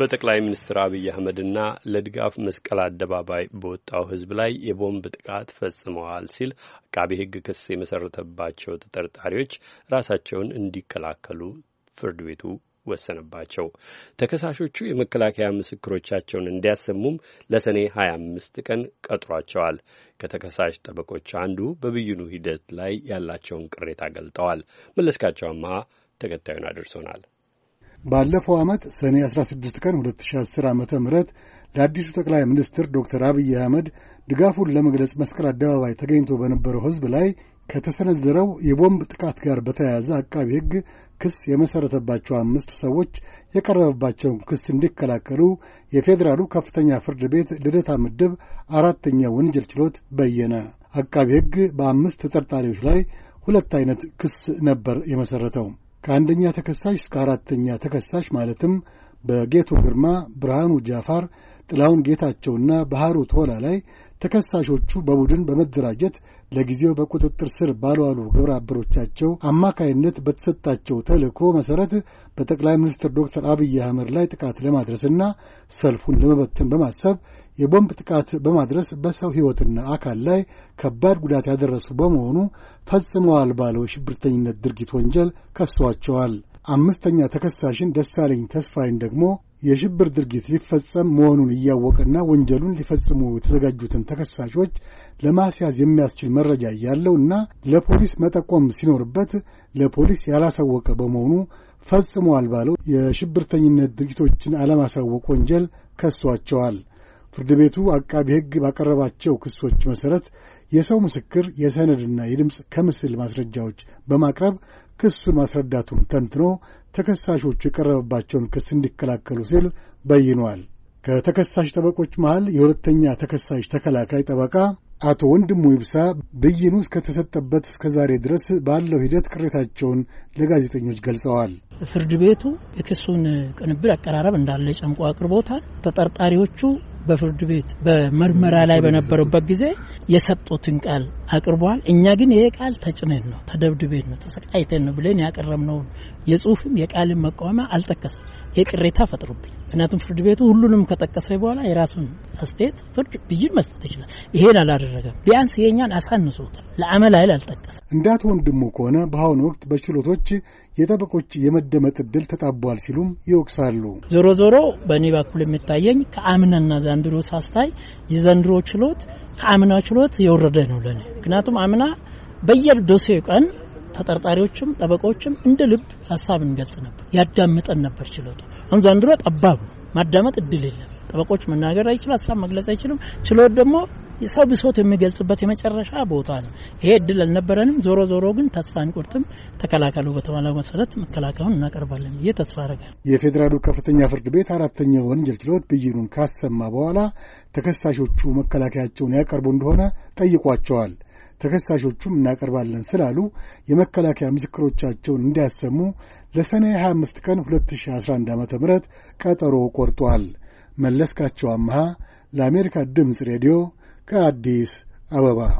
በጠቅላይ ሚኒስትር አብይ አህመድና ለድጋፍ መስቀል አደባባይ በወጣው ሕዝብ ላይ የቦምብ ጥቃት ፈጽመዋል ሲል አቃቢ ሕግ ክስ የመሰረተባቸው ተጠርጣሪዎች ራሳቸውን እንዲከላከሉ ፍርድ ቤቱ ወሰነባቸው። ተከሳሾቹ የመከላከያ ምስክሮቻቸውን እንዲያሰሙም ለሰኔ 25 ቀን ቀጥሯቸዋል። ከተከሳሽ ጠበቆች አንዱ በብይኑ ሂደት ላይ ያላቸውን ቅሬታ ገልጠዋል። መለስካቸው አመሃ ተከታዩን አድርሶናል። ባለፈው ዓመት ሰኔ 16 ቀን 2010 ዓ ም ለአዲሱ ጠቅላይ ሚኒስትር ዶክተር አብይ አህመድ ድጋፉን ለመግለጽ መስቀል አደባባይ ተገኝቶ በነበረው ሕዝብ ላይ ከተሰነዘረው የቦምብ ጥቃት ጋር በተያያዘ አቃቢ ሕግ ክስ የመሠረተባቸው አምስት ሰዎች የቀረበባቸውን ክስ እንዲከላከሉ የፌዴራሉ ከፍተኛ ፍርድ ቤት ልደታ ምድብ አራተኛ ወንጀል ችሎት በየነ። አቃቢ ሕግ በአምስት ተጠርጣሪዎች ላይ ሁለት አይነት ክስ ነበር የመሠረተው። ከአንደኛ ተከሳሽ እስከ አራተኛ ተከሳሽ ማለትም በጌቱ ግርማ፣ ብርሃኑ ጃፋር፣ ጥላሁን ጌታቸውና ባህሩ ቶላ ላይ ተከሳሾቹ በቡድን በመደራጀት ለጊዜው በቁጥጥር ስር ባልዋሉ ግብረ አበሮቻቸው አማካይነት በተሰጣቸው ተልእኮ መሠረት በጠቅላይ ሚኒስትር ዶክተር አብይ አህመድ ላይ ጥቃት ለማድረስና ሰልፉን ለመበተን በማሰብ የቦምብ ጥቃት በማድረስ በሰው ሕይወትና አካል ላይ ከባድ ጉዳት ያደረሱ በመሆኑ ፈጽመዋል ባለው የሽብርተኝነት ድርጊት ወንጀል ከሷቸዋል። አምስተኛ ተከሳሽን ደሳለኝ ተስፋይን ደግሞ የሽብር ድርጊት ሊፈጸም መሆኑን እያወቀና ወንጀሉን ሊፈጽሙ የተዘጋጁትን ተከሳሾች ለማስያዝ የሚያስችል መረጃ እና ለፖሊስ መጠቆም ሲኖርበት ለፖሊስ ያላሳወቀ በመሆኑ ፈጽመዋል ባለው የሽብርተኝነት ድርጊቶችን አለማሳወቅ ወንጀል ከሷቸዋል። ፍርድ ቤቱ አቃቢ ሕግ ባቀረባቸው ክሶች መሠረት የሰው ምስክር የሰነድና የድምፅ ከምስል ማስረጃዎች በማቅረብ ክሱን ማስረዳቱን ተንትኖ ተከሳሾቹ የቀረበባቸውን ክስ እንዲከላከሉ ሲል በይኗል። ከተከሳሽ ጠበቆች መሃል የሁለተኛ ተከሳሽ ተከላካይ ጠበቃ አቶ ወንድሙ ይብሳ ብይኑ እስከተሰጠበት እስከ ዛሬ ድረስ ባለው ሂደት ቅሬታቸውን ለጋዜጠኞች ገልጸዋል። ፍርድ ቤቱ የክሱን ቅንብር አቀራረብ እንዳለ ጨምቆ አቅርቦታል። ተጠርጣሪዎቹ በፍርድ ቤት በምርመራ ላይ በነበሩበት ጊዜ የሰጡትን ቃል አቅርበዋል። እኛ ግን ይሄ ቃል ተጭነን ነው ተደብድቤን ነው ተሰቃይተን ነው ብለን ያቀረብነውን የጽሁፍም የቃልን መቃወሚያ አልጠቀሰም። ይህ ቅሬታ ፈጥሮብኝ ምክንያቱም ፍርድ ቤቱ ሁሉንም ከጠቀሰ በኋላ የራሱን አስተያየት ፍርድ ብይን መስጠት ይችላል። ይሄን አላደረገም። ቢያንስ የኛን አሳንሶታል። ለአመል ኃይል አልጠቀሰም። እንዳት ወንድሙ ከሆነ በአሁኑ ወቅት በችሎቶች የጠበቆች የመደመጥ እድል ተጣቧል ሲሉም ይወቅሳሉ። ዞሮ ዞሮ በእኔ በኩል የሚታየኝ ከአምናና ዘንድሮ ሳስታይ የዘንድሮ ችሎት ከአምና ችሎት የወረደ ነው ለኔ። ምክንያቱም አምና በየዶሴው ቀን ተጠርጣሪዎችም ጠበቆችም እንደ ልብ ሀሳብ እንገልጽ ነበር፣ ያዳምጠን ነበር ችሎቱ። አሁን ዘንድሮ ጠባብ ማዳመጥ እድል የለም። ጠበቆች መናገር አይችሉ፣ ሀሳብ መግለጽ አይችልም። ችሎት ደግሞ የሰው ብሶት የሚገልጽበት የመጨረሻ ቦታ ነው። ይሄ እድል አልነበረንም። ዞሮ ዞሮ ግን ተስፋ አንቆርጥም። ተከላከሉ በተባለው መሰረት መከላከሉን እናቀርባለን። ይህ ተስፋ አረጋል። የፌዴራሉ ከፍተኛ ፍርድ ቤት አራተኛው ወንጀል ችሎት ብይኑን ካሰማ በኋላ ተከሳሾቹ መከላከያቸውን ያቀርቡ እንደሆነ ጠይቋቸዋል። ተከሳሾቹም እናቀርባለን ስላሉ የመከላከያ ምስክሮቻቸውን እንዲያሰሙ ለሰኔ 25 ቀን 2011 ዓ ም ቀጠሮ ቆርጧል። መለስካቸው አመሃ ለአሜሪካ ድምፅ ሬዲዮ ከአዲስ አበባ